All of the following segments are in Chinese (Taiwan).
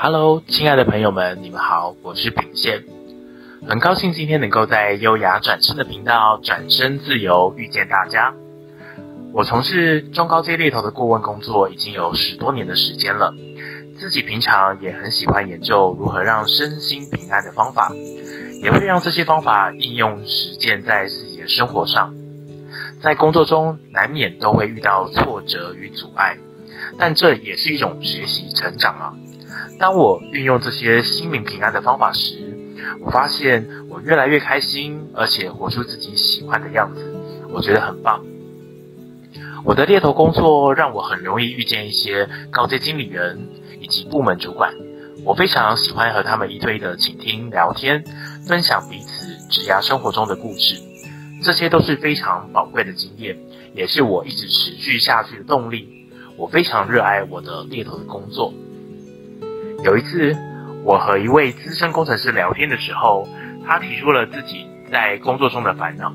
Hello，親愛的朋友們，你們好，我是秉憲，很高興今天能夠在優雅轉身的頻道轉身自由遇見大家。我從事中高階獵頭的顧問工作已經有十多年的時間了，自己平常也很喜歡研究如何讓身心平安的方法，也會讓這些方法應用實踐在自己的生活上。在工作中難免都會遇到挫折與阻礙，但這也是一種學習成長啊。當我運用這些心靈平安的方法時，我發現我越來越開心，而且活出自己喜歡的樣子。我覺得很棒。我的獵頭工作讓我很容易遇見一些高階經理人以及部門主管，我非常喜歡和他們一對一的傾聽、聊天、分享彼此職業生活中的故事，這些都是非常寶貴的經驗，也是我一直持續下去的動力。我非常熱愛我的獵頭的工作。有一次，我和一位資深工程師聊天的時候，他提出了自己在工作中的煩惱。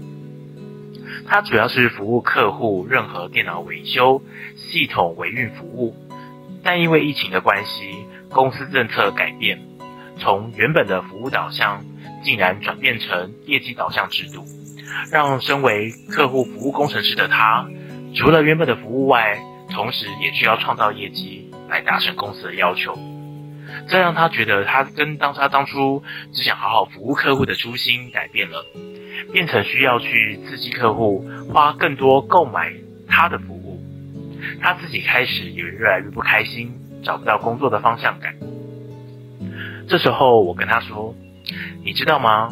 他主要是服務客戶，任何電腦維修、系統維運服務，但因為疫情的關係，公司政策改變，從原本的服務導向，竟然轉變成業績導向制度，讓身為客戶服務工程師的他，除了原本的服務外，同時也需要創造業績來達成公司的要求。這讓他覺得，他跟當他當初只想好好服務客戶的初心改變了，變成需要去刺激客戶花更多購買他的服務，他自己開始也越來越不開心，找不到工作的方向感。這時候我跟他說：“你知道嗎？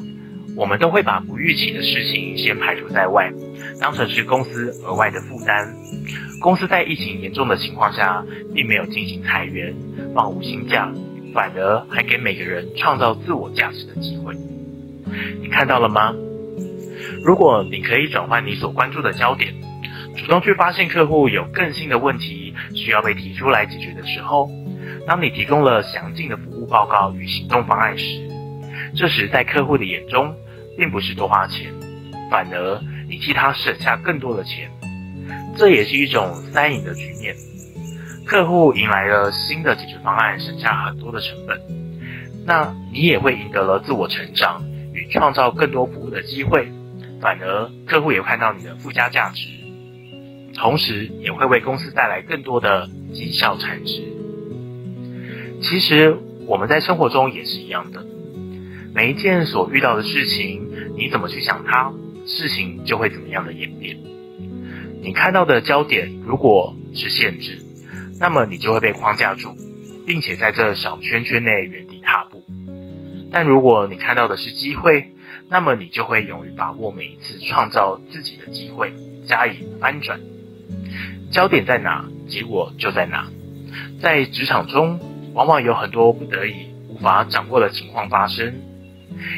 我們都會把不預期的事情先排除在外。”當成是公司額外的負擔。公司在疫情嚴重的情況下，並沒有進行裁員、放無薪假，反而還給每個人創造自我價值的機會。你看到了嗎？如果你可以轉換你所關注的焦點，主動去發現客戶有更新的問題需要被提出來解決的時候，當你提供了詳盡的服務報告與行動方案時，這時在客戶的眼中，並不是多花錢，反而。你替他省下更多的錢，這也是一種三贏的局面。客戶迎來了新的解決方案，省下很多的成本，那你也會贏得了自我成長與創造更多服務的機會，反而客戶也看到你的附加價值，同時也會為公司帶來更多的績效產值。其實我們在生活中也是一樣的，每一件所遇到的事情，你怎麼去想它？事情就會怎麼樣的演變。你看到的焦點如果是限制，那麼你就會被框架住，並且在這小圈圈內原地踏步。但如果你看到的是機會，那麼你就會勇於把握每一次創造自己的機會，加以翻轉。焦點在哪，結果就在哪。在職場中，往往有很多不得已、無法掌握的情況發生。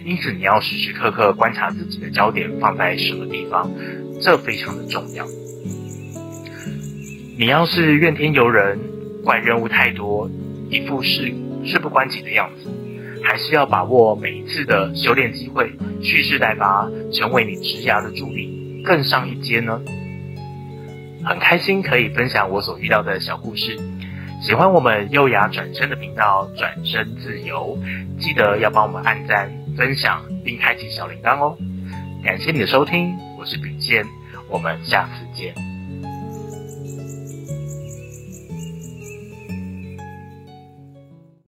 因此，你要時時刻刻觀察自己的焦點放在什麼地方，這非常的重要。你要是怨天尤人，怪任務太多，一副事事不關己的樣子，還是要把握每一次的修煉機會，蓄勢待發，成為你職涯的助力，更上一階呢？很開心可以分享我所遇到的小故事，喜歡我們優雅轉身的頻道，轉身自由，記得要幫我們按讚，分享並開啟小鈴鐺哦，感謝你的收聽，我是秉憲，我們下次見。